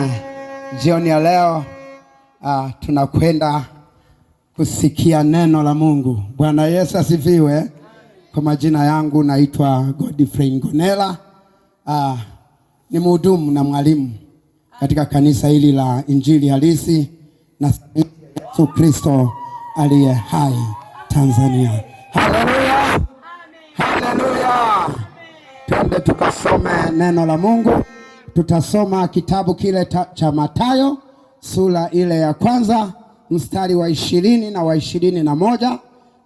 Eh, jioni ya leo uh, tunakwenda kusikia neno la Mungu. Bwana Yesu asifiwe. Kwa majina yangu naitwa Godfrey Ngonela. Uh, ni mhudumu na mwalimu katika kanisa hili la Injili Halisi na Yesu Kristo aliye hai Tanzania. Haleluya, haleluya! Twende tukasome neno la Mungu. Tutasoma kitabu kile cha Mathayo sura ile ya kwanza mstari wa ishirini na wa ishirini na moja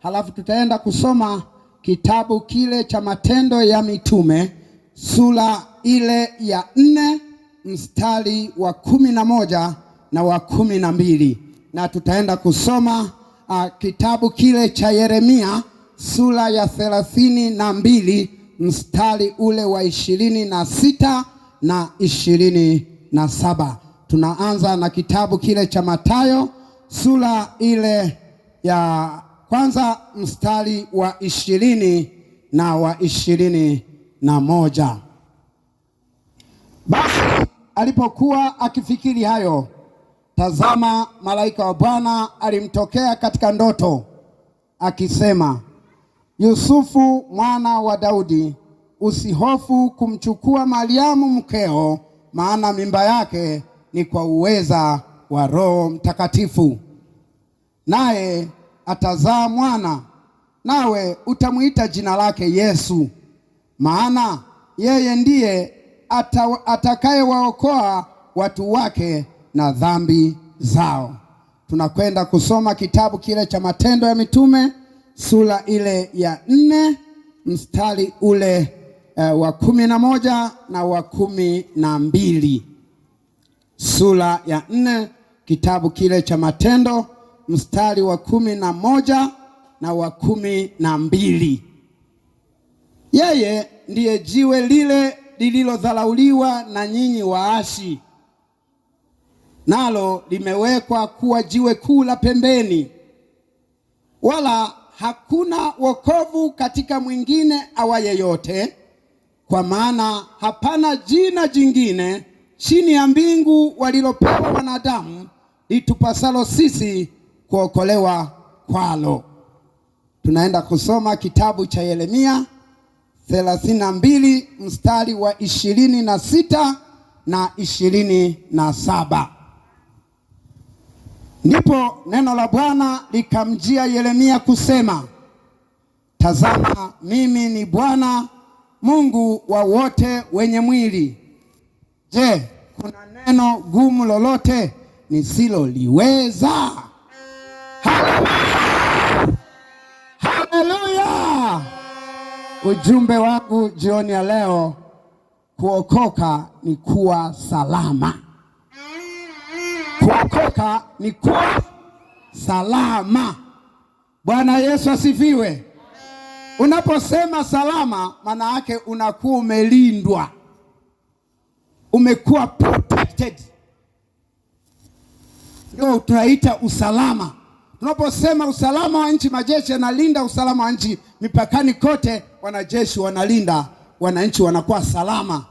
halafu tutaenda kusoma kitabu kile cha Matendo ya Mitume sura ile ya nne mstari wa kumi na moja na wa kumi na mbili na tutaenda kusoma a, kitabu kile cha Yeremia sura ya thelathini na mbili mstari ule wa ishirini na sita na ishirini na saba. Tunaanza na kitabu kile cha Mathayo sura ile ya kwanza mstari wa ishirini na wa ishirini na moja. Basi alipokuwa akifikiri hayo, tazama, malaika wa Bwana alimtokea katika ndoto akisema, Yusufu mwana wa Daudi, usihofu kumchukua Mariamu mkeo, maana mimba yake ni kwa uweza wa Roho Mtakatifu, naye atazaa mwana, nawe utamwita jina lake Yesu, maana yeye ndiye atakayewaokoa watu wake na dhambi zao. Tunakwenda kusoma kitabu kile cha Matendo ya Mitume sura ile ya nne mstari ule uh, wa kumi na moja na wa kumi na mbili sura ya nne kitabu kile cha Matendo mstari wa kumi na moja na wa kumi na mbili. Yeye ndiye jiwe lile lililodharauliwa na nyinyi waashi nalo limewekwa kuwa jiwe kuu la pembeni, wala hakuna wokovu katika mwingine awaye yote kwa maana hapana jina jingine chini ya mbingu walilopewa wanadamu litupasalo sisi kuokolewa kwalo. Tunaenda kusoma kitabu cha Yeremia 32 mstari wa ishirini na sita na ishirini na saba. Ndipo neno la Bwana likamjia Yeremia kusema, tazama, mimi ni Bwana Mungu wa wote wenye mwili. Je, kuna neno gumu lolote nisiloliweza? Haleluya! Ujumbe wangu jioni ya leo, kuokoka ni kuwa salama. Kuokoka ni kuwa salama. Bwana Yesu asifiwe. Unaposema salama, maana yake unakuwa umelindwa, umekuwa protected, ndio tunaita usalama. Tunaposema usalama wa nchi, majeshi yanalinda usalama wa nchi mipakani kote, wanajeshi wanalinda wananchi, wanakuwa salama.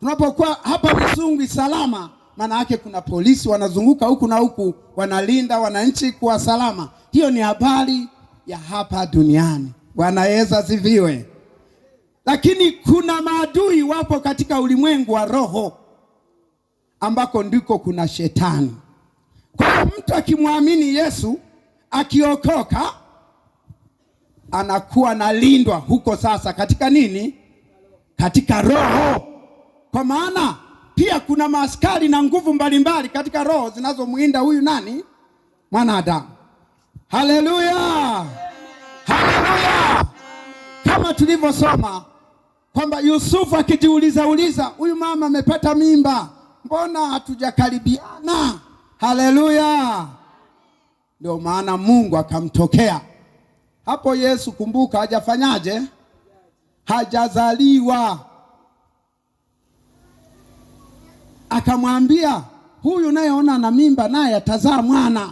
Tunapokuwa hapa Misungwi salama, maana yake kuna polisi wanazunguka huku na huku, wanalinda wananchi kuwa salama. Hiyo ni habari ya hapa duniani. Bwana Yesu asifiwe. Lakini kuna maadui wapo katika ulimwengu wa roho ambako ndiko kuna shetani. Kwa mtu akimwamini Yesu akiokoka, anakuwa nalindwa huko sasa katika nini? Katika roho, kwa maana pia kuna maaskari na nguvu mbalimbali katika roho zinazomwinda huyu nani, mwanadamu. Haleluya! kama tulivyosoma kwamba Yusufu akijiuliza uliza, huyu mama amepata mimba, mbona hatujakaribiana? Haleluya! Ndio maana Mungu akamtokea hapo. Yesu kumbuka, hajafanyaje? Hajazaliwa. Akamwambia, huyu nayeona na mimba naye atazaa mwana,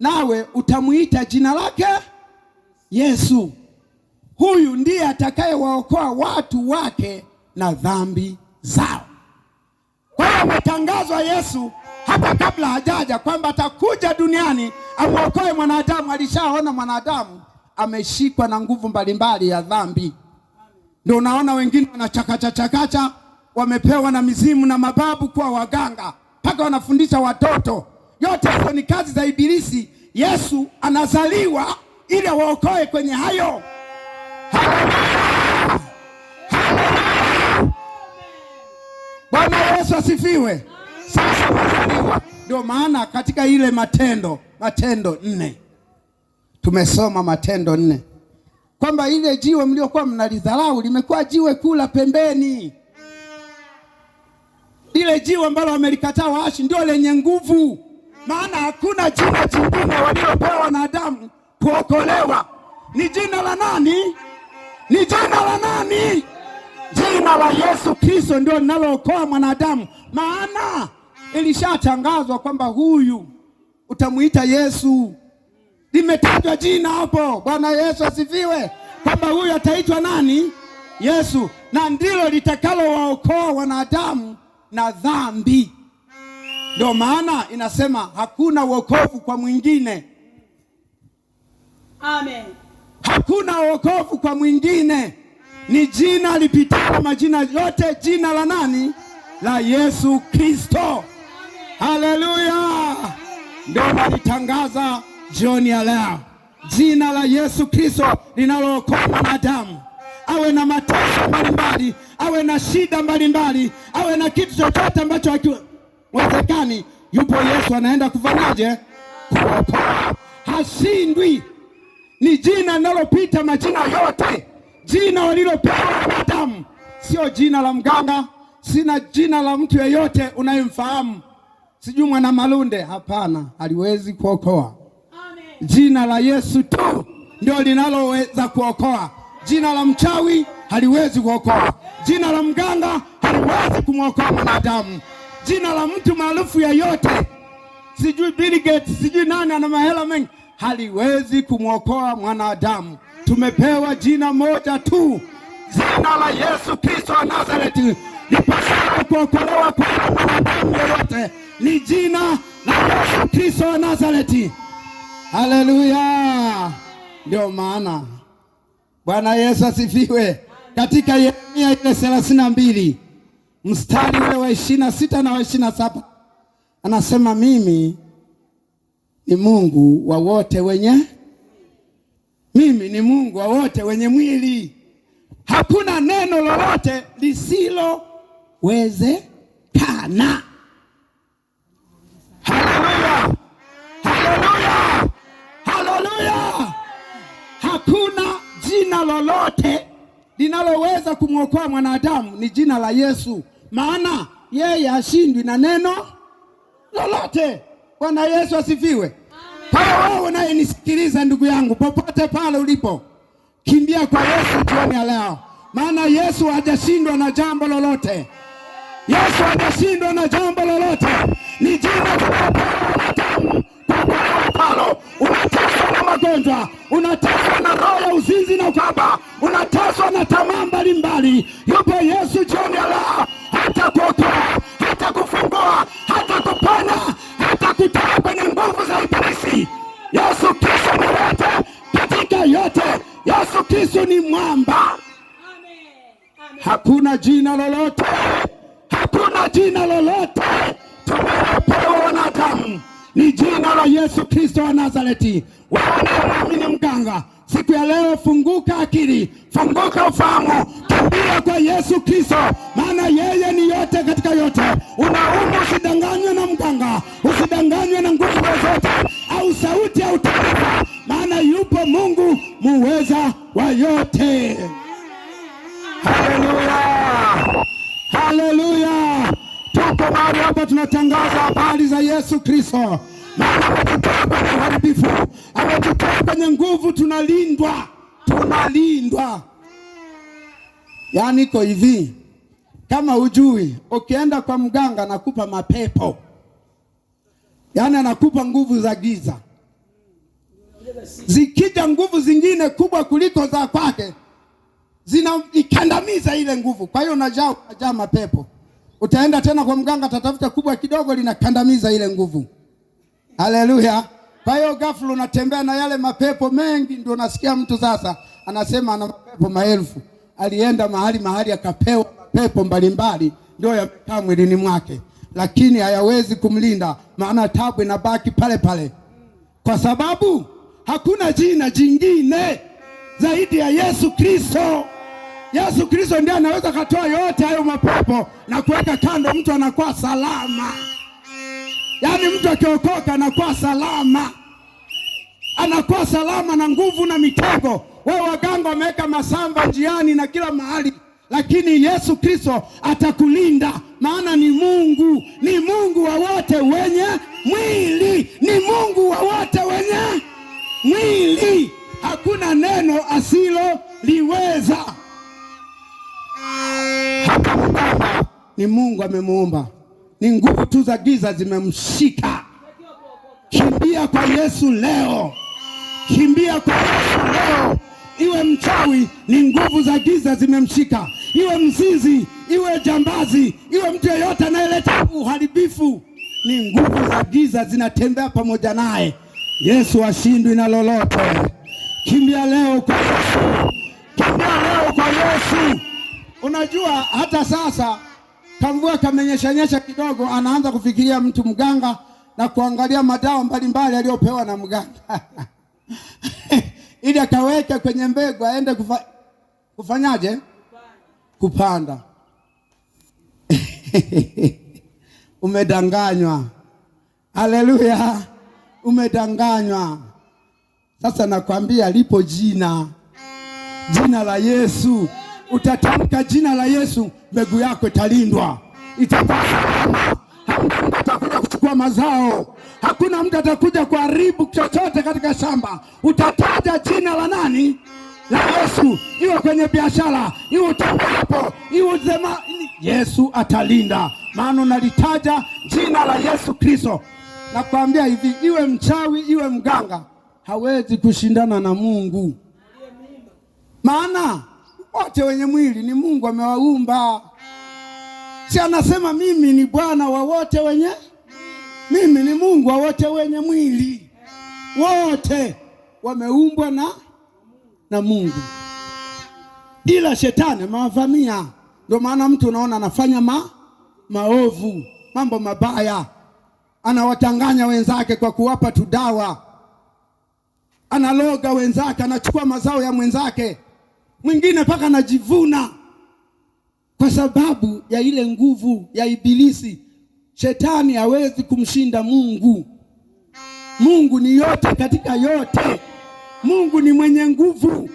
nawe utamwita jina lake Yesu huyu ndiye atakayewaokoa watu wake na dhambi zao. Kwa hiyo ametangazwa Yesu hapa kabla hajaja kwamba atakuja duniani amwokoe mwanadamu. Alishaona mwanadamu ameshikwa na nguvu mbalimbali ya dhambi, ndio unaona wengine wanachakacha chakacha, wamepewa na mizimu na mababu kuwa waganga, mpaka wanafundisha watoto. Yote hizo ni kazi za Ibilisi. Yesu anazaliwa ili waokoe kwenye hayo. Bwana Yesu asifiwe. Sasa wazaliwa, ndio maana katika ile matendo matendo nne tumesoma matendo nne kwamba ile jiwe mliokuwa mnalidharau limekuwa jiwe kula pembeni. ile jiwe ambalo wamelikataa waashi ndio lenye nguvu, maana hakuna jina jingine waliopewa wanadamu kuokolewa. Ni jina la nani? Ni jina la nani? Jina la Yesu Kristo ndio linalookoa mwanadamu, maana ilishatangazwa kwamba huyu utamwita Yesu. Limetajwa jina hapo. Bwana Yesu asifiwe, kwamba huyu ataitwa nani? Yesu, na ndilo litakalowaokoa wanadamu na dhambi. Ndio maana inasema hakuna wokovu kwa mwingine. Amen. Hakuna wokovu kwa mwingine, ni jina lipitalo majina yote, jina la nani? La Yesu Kristo. Haleluya! Ndio nalitangaza jioni ya leo, jina la Yesu Kristo linalookoa mwanadamu awe na mateso mbalimbali, awe na shida mbalimbali, awe na kitu chochote ambacho hakiwezekani, yupo Yesu anaenda kufanyaje? Kuokoa. Hashindwi ni jina linalopita majina yote, jina walilopewa wanadamu, sio jina la mganga, sina jina la mtu yeyote unayemfahamu, sijui mwana Malunde. Hapana, haliwezi kuokoa. Jina la Yesu tu ndio linaloweza kuokoa. Jina la mchawi haliwezi kuokoa. Jina la mganga haliwezi kumwokoa mwanadamu. Jina la mtu maarufu yeyote sijui Bill Gates, sijui nani ana mahela mengi, haliwezi kumwokoa mwanadamu. Tumepewa jina moja tu, jina la Yesu Kristo wa Nazareti. Nipasalo kuokolewa kwa mwanadamu yoyote ni jina la Yesu Kristo wa Nazareti. Haleluya! Ndio maana Bwana Yesu asifiwe. Katika Yeremia ile thelathini na mbili mstari ule wa ishirini na sita na wa ishirini na saba Anasema mimi ni Mungu wa wote wenye mimi ni Mungu wa wote wenye mwili. Hakuna neno lolote lisilowezekana. Haleluya, haleluya, haleluya! Hakuna jina lolote linaloweza kumwokoa mwanadamu, ni jina la Yesu, maana yeye hashindwi na neno lolote. Bwana Yesu asifiwe. wewe unayenisikiliza ndugu yangu, popote pale ulipo, kimbia kwa Yesu jioni ya leo, maana Yesu hajashindwa na jambo lolote. Yesu hajashindwa na jambo lolote. Ni jina damu palo. Unateswa na magonjwa, unateswa na roho ya uzinzi na ukaba, unateswa na tamaa mbalimbali, yupo Yesu jioni ya leo, kuokoa hata kufungua, hata kupana hata kutoa kwenye nguvu za ibilisi. Yesu Kristo ni yote katika yote. Yesu Kristo ni mwamba. Hakuna jina lolote, hakuna jina lolote tumepewa wanadamu ni jina la Yesu Kristo wa Nazareti. Wewe unayeamini mganga, siku ya leo funguka akili, funguka ufahamu kutoka kwa Yesu Kristo, maana yeye ni yote katika yote. Unaumwa, usidanganywe na mganga, usidanganywe na nguvu zozote au sauti au taarifa, maana yupo Mungu muweza wa yote. Haleluya, haleluya! Tuko mahali hapa tunatangaza habari za Yesu Kristo, maana ametutoa kwenye uharibifu, ametutoa kwenye nguvu. Tunalindwa, tunalindwa. Yaani iko hivi, kama ujui, ukienda kwa mganga anakupa mapepo, yaani anakupa nguvu za giza. Zikija nguvu zingine kubwa kuliko za kwake, zinaikandamiza ile nguvu, kwa hiyo unajaa unajaa mapepo. Utaenda tena kwa mganga, tatafuta kubwa kidogo, linakandamiza ile nguvu. Haleluya! Kwa hiyo ghafla unatembea na yale mapepo mengi, ndio unasikia mtu sasa anasema ana mapepo maelfu alienda mahali mahali akapewa mapepo mbalimbali, ndio yamekaa mwilini mwake, lakini hayawezi kumlinda, maana tabu inabaki pale pale, kwa sababu hakuna jina jingine zaidi ya Yesu Kristo. Yesu Kristo ndiye anaweza katoa yote hayo mapepo na kuweka kando, mtu anakuwa salama. Yaani mtu akiokoka anakuwa salama, anakuwa salama na nguvu na mitego wao waganga wameweka masamba njiani na kila mahali, lakini Yesu Kristo atakulinda, maana ni Mungu, ni Mungu wa wote wenye mwili, ni Mungu wa wote wenye mwili. Hakuna neno asiloliweza. Ni Mungu amemuumba, ni nguvu tu za giza zimemshika. Kimbia kwa Yesu leo, kimbia kwa Yesu leo iwe mchawi, ni nguvu za giza zimemshika, iwe mzizi iwe jambazi, iwe mtu yeyote anayeleta uharibifu, ni nguvu za giza zinatembea pamoja naye. Yesu ashindwi na lolote. Kimbia leo kwa Yesu, kimbia leo kwa Yesu. Unajua hata sasa kamvua kamenyeshanyesha kidogo, anaanza kufikiria mtu mganga na kuangalia madawa mbalimbali aliyopewa na mganga ili akaweke kwenye mbegu aende kufa, kufanyaje? Kupanda. Umedanganywa. Haleluya, umedanganywa. Sasa nakwambia lipo jina, jina la Yesu. Utatamka jina la Yesu, mbegu yako italindwa, itakuwa salama, kuchukua mazao hakuna mtu atakuja kuharibu chochote katika shamba. Utataja jina la nani? La Yesu, iwe kwenye biashara, iwe utakapo, iwe uzema, Yesu atalinda, maana unalitaja jina la Yesu Kristo. Nakwambia hivi, iwe mchawi, iwe mganga, hawezi kushindana na Mungu, maana wote wenye mwili ni Mungu amewaumba. Si anasema mimi ni Bwana wa wote wenye mimi ni Mungu wa wote wenye mwili, wote wameumbwa na, na Mungu, ila shetani amewavamia. Ndio maana mtu unaona anafanya ma, maovu mambo mabaya, anawatanganya wenzake kwa kuwapa tu dawa, analoga wenzake, anachukua mazao ya mwenzake, mwingine mpaka anajivuna kwa sababu ya ile nguvu ya Ibilisi Shetani hawezi kumshinda Mungu. Mungu ni yote katika yote. Mungu ni mwenye nguvu,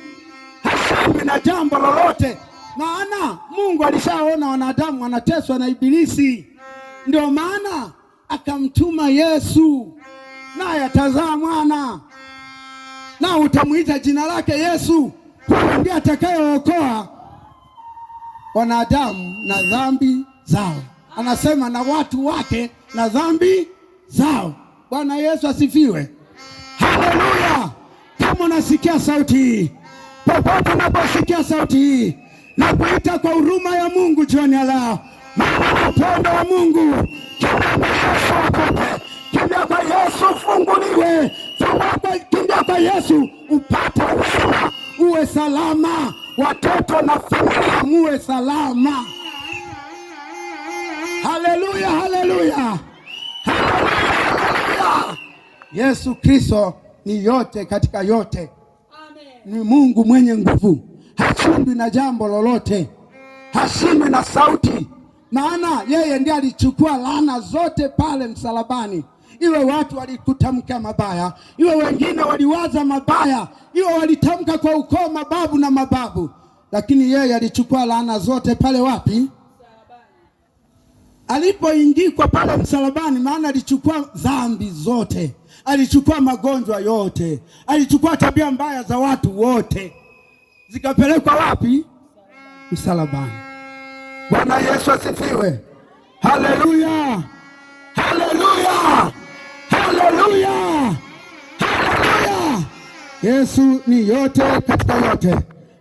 hashindwi na jambo lolote, maana Mungu alishaona wanadamu wanateswa na Ibilisi, ndio maana akamtuma Yesu, naye atazaa mwana na utamwita jina lake Yesu, ndiye atakayeokoa wanadamu na dhambi zao anasema na watu wake na dhambi zao. Bwana Yesu asifiwe, haleluya! Kama unasikia sauti hii, popote unaposikia sauti hii na kuita kwa huruma ya Mungu jioni ya leo, maana upendo wa Mungu kimbia kwa Yesu, funguliwe. Kimbia kwa Yesu upate uzima, uwe salama. Watoto na familia muwe salama. Haleluya, haleluya, haleluya! Yesu Kristo ni yote katika yote. Amen. Ni Mungu mwenye nguvu, hashindwi na jambo lolote, hashindwi na sauti, maana yeye ndiye alichukua laana zote pale msalabani iwe watu walikutamka mabaya, iwe wengine waliwaza mabaya, iwe walitamka kwa ukoo mababu na mababu, lakini yeye alichukua laana zote pale wapi? alipoingikwa pale msalabani, maana alichukua dhambi zote, alichukua magonjwa yote, alichukua tabia mbaya za watu wote, zikapelekwa wapi? Msalabani. Bwana Yesu asifiwe! Haleluya, haleluya, haleluya, haleluya! Yesu ni yote katika yote,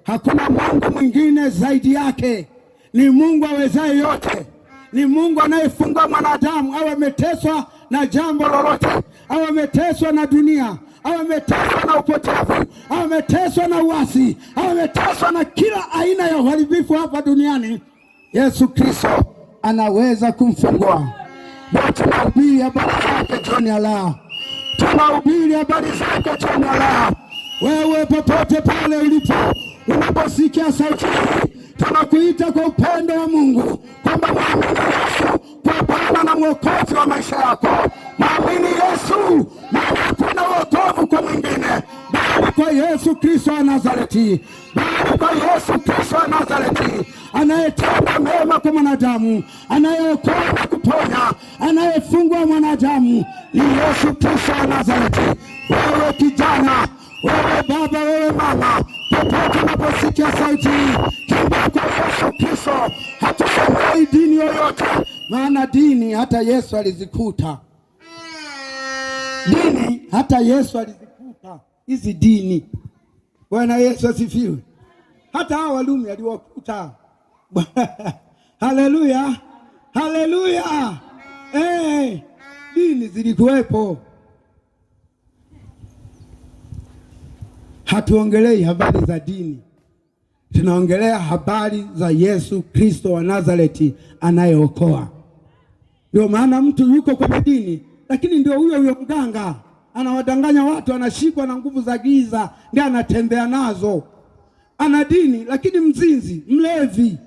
hakuna Mungu mwingine zaidi yake, ni Mungu awezaye yote ni Mungu anayefungua mwanadamu awe ameteswa na jambo lolote, awe ameteswa na dunia, awe ameteswa na upotevu, awe ameteswa na uasi, awe ameteswa na kila aina ya uharibifu hapa duniani, Yesu Kristo anaweza kumfungua. Na tunahubiri habari zake jioni ya leo, tunahubiri habari zake jioni ya leo. Wewe popote pale ulipo, unaposikia sauti hii anakuita kwa upendo wa Mungu kwamba mwamini Yesu kwa Bwana na mwokozi wa maisha yako. Mwamini Yesu, maana hakuna wokovu kwa mwingine bali kwa Yesu Kristo wa Nazareti, bali kwa Yesu Kristo wa Nazareti, anayetenda mema kwa mwanadamu, anayeokoa na kuponya, anayefungwa mwanadamu ni Yesu Kristo wa Nazareti. Wewe kijana, wewe baba, wewe mama Popote unaposikia sauti hii, kimbia kwa Yesu Kristo. Hatufanai dini yoyote, maana dini hata Yesu alizikuta. Dini hata Yesu alizikuta hizi dini. Bwana Yesu asifiwe. Hata hawa Walumi aliwakuta. Haleluya, haleluya! Hey, eh, dini zilikuwepo. hatuongelei habari za dini, tunaongelea habari za Yesu Kristo wa Nazareti anayeokoa. Ndio maana mtu yuko kwenye dini, lakini ndio huyo huyo mganga anawadanganya watu, anashikwa na nguvu za giza, ndio anatembea nazo. Ana dini lakini mzinzi, mlevi,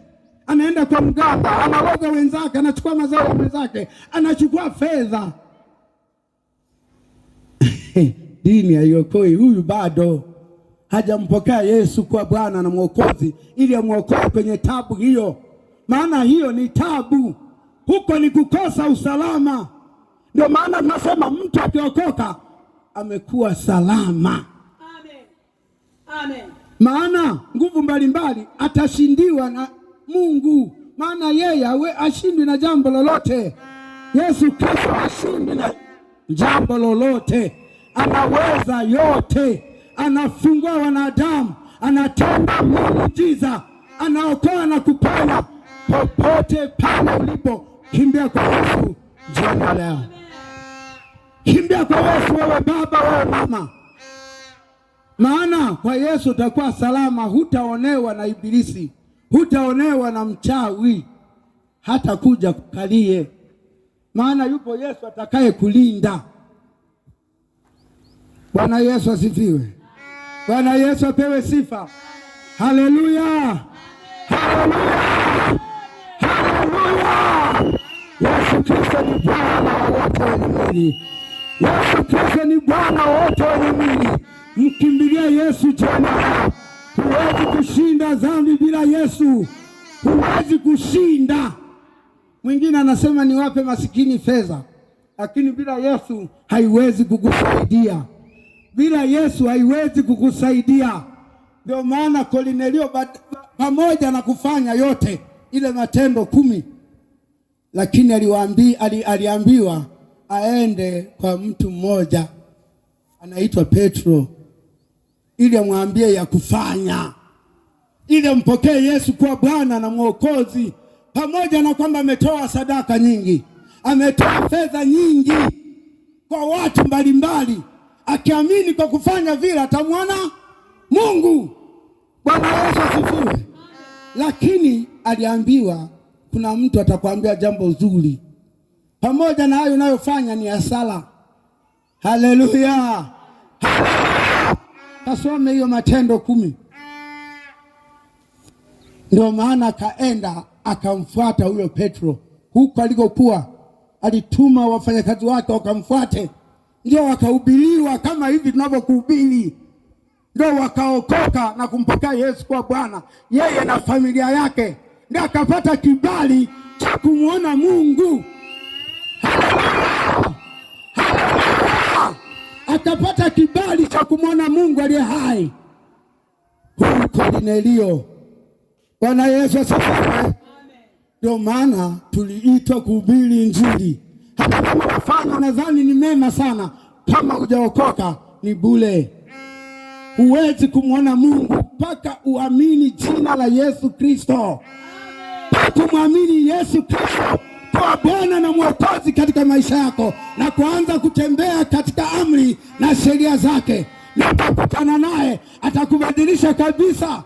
anaenda kwa mganga, anawaga wenzake, anachukua mazao ya wenzake, anachukua fedha. Dini haiokoi huyu bado hajampokea Yesu kwa Bwana na Mwokozi ili amwokoe kwenye tabu hiyo, maana hiyo ni tabu, huko ni kukosa usalama. Ndio maana tunasema mtu akiokoka amekuwa salama. Amen. Amen. Maana nguvu mbalimbali atashindiwa na Mungu, maana yeye ashindwi na jambo lolote. Yesu Kristo ashindwi na jambo lolote, anaweza yote anafungua wanadamu, anatenda miujiza, anaokoa na kuponya. Popote pale ulipo, kimbia kwa Yesu jina leo, kimbia kwa Yesu wewe baba, wewe mama, maana kwa Yesu utakuwa salama, hutaonewa na ibilisi, hutaonewa na mchawi, hata kuja kukalie, maana yupo Yesu atakaye kulinda. Bwana Yesu asifiwe. Bwana Yesu apewe sifa. Haleluya, haleluya, haleluya! Yesu Kristo ni Bwana wote wenye mwili. Yesu Kristo ni Bwana wote wenye mwili. Mkimbilie Yesu jana. Huwezi kushinda dhambi bila Yesu, huwezi kushinda. Mwingine anasema niwape masikini fedha, lakini bila Yesu haiwezi kukusaidia bila Yesu haiwezi kukusaidia. Ndio maana Kolinelio pamoja na kufanya yote ile matendo kumi, lakini aliwaambi, aliambiwa aende kwa mtu mmoja anaitwa Petro ili amwambie ya kufanya, ili ampokee Yesu kuwa Bwana na Mwokozi, pamoja na kwamba ametoa sadaka nyingi, ametoa fedha nyingi kwa watu mbalimbali akiamini kwa kufanya vile atamwona Mungu. Bwana Yesu asifiwe. Lakini aliambiwa kuna mtu atakwambia jambo zuri, pamoja na hayo unayofanya ni hasara. Haleluya! Kasome hiyo Matendo kumi. Ndio maana akaenda akamfuata huyo Petro huko alikokuwa, alituma wafanyakazi wake wakamfuate ndio wakahubiriwa kama hivi tunavyokuhubiri, ndio wakaokoka na kumpokea Yesu kwa Bwana, yeye na familia yake, ndio akapata kibali cha kumwona Mungu. Haleluya, haleluya, akapata kibali cha kumwona Mungu aliye hai. Huyu Kornelio, Bwana Yesu asifiwe. Ndio maana tuliitwa kuhubiri Injili. Mfano nadhani ni mema sana, kama hujaokoka ni bule. Huwezi kumwona Mungu mpaka uamini jina la Yesu Kristo. Kumwamini Yesu Kristo kwa Bwana na Mwokozi katika maisha yako na kuanza kutembea katika amri na sheria zake, nitakutana naye, atakubadilisha kabisa.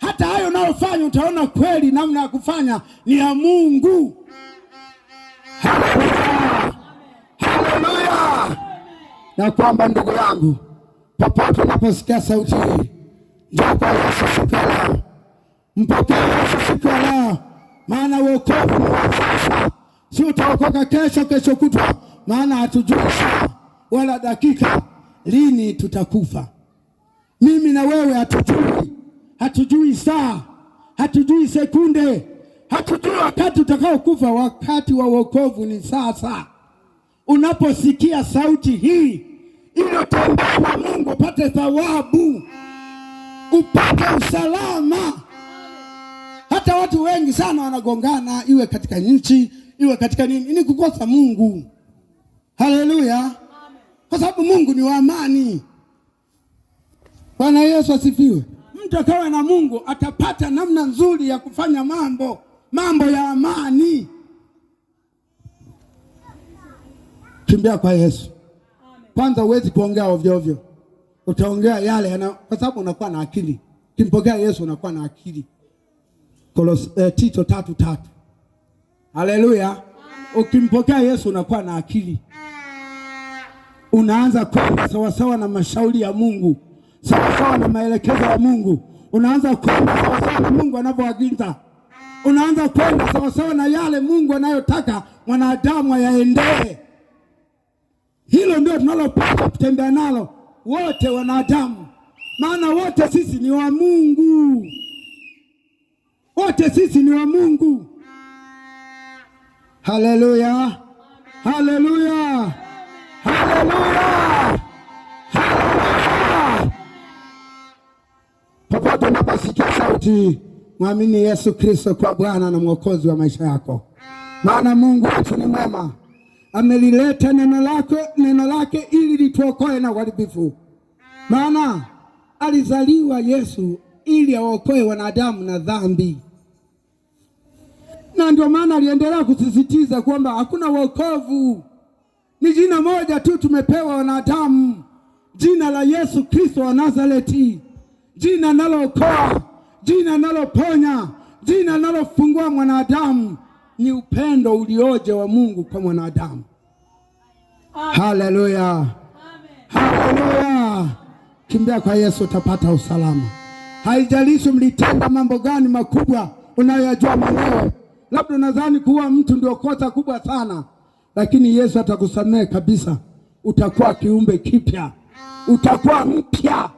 Hata hayo unayofanya utaona kweli namna ya kufanya ni ya Mungu ya kwamba ndugu yangu, popote unaposikia sauti hii, njoo kwa Yesu siku ya leo, mpokee Yesu siku ya leo, maana wokovu ni wa sasa, si utaokoka kesho, kesho kutwa, maana hatujui saa wala dakika lini tutakufa. Mimi na wewe hatujui, hatujui saa, hatujui sekunde, hatujui wakati utakaokufa. Wakati wa wokovu ni sasa. Unaposikia sauti hii inatembea na Mungu, upate thawabu, upate usalama. Hata watu wengi sana wanagongana, iwe katika nchi, iwe katika nini, ni kukosa Mungu. Haleluya, kwa sababu Mungu ni wa amani. Bwana Yesu asifiwe. Mtu akawa na Mungu atapata namna nzuri ya kufanya mambo, mambo ya amani. kimbia kwa Yesu kwanza. Huwezi kuongea ovyo ovyo, utaongea yale yana, kwa sababu unakuwa na akili. Kimpokea Yesu unakuwa na akili. Kolos, eh, Tito tatu tatu. Haleluya! Ukimpokea Yesu unakuwa na akili, unaanza kwenda sawasawa na mashauri ya Mungu, sawasawa na maelekezo ya Mungu. Unaanza kwenda sawasawa na Mungu anavyoagiza, unaanza kwenda sawasawa na yale Mungu anayotaka mwanadamu ayaendee. Hilo ndio tunalopaswa kutembea nalo wote wanadamu, maana wote sisi ni wa Mungu, wote sisi ni wa Mungu. Haleluya, haleluya, haleluya, Popote unaposikia sauti, mwamini Yesu Kristo kwa Bwana na Mwokozi wa maisha yako, maana Mungu wetu ni mwema amelileta neno lake, neno lake ili lituokoe na uharibifu. Maana alizaliwa Yesu ili aokoe wanadamu na dhambi, na ndio maana aliendelea kusisitiza kwamba hakuna wokovu, ni jina moja tu tumepewa wanadamu, jina la Yesu Kristo wa Nazareti, jina linalookoa, jina linaloponya, jina linalofungua mwanadamu ni upendo ulioje wa Mungu kwa mwanadamu. Haleluya, haleluya! Kimbia kwa Yesu utapata usalama. Haijalishi mlitenda mambo gani makubwa unayoyajua mwenyewe, labda unadhani kuwa mtu ndio kosa kubwa sana, lakini Yesu atakusamehe kabisa. Utakuwa kiumbe kipya, utakuwa mpya,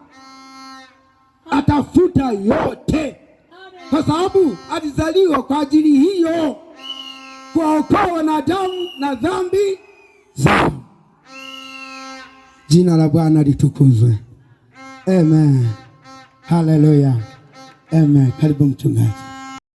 atafuta yote, kwa sababu alizaliwa kwa ajili hiyo kuwaokoa wanadamu na dhambi zao. Jina la Bwana litukuzwe. Amen. Haleluya. Amen. Karibu mchungaji.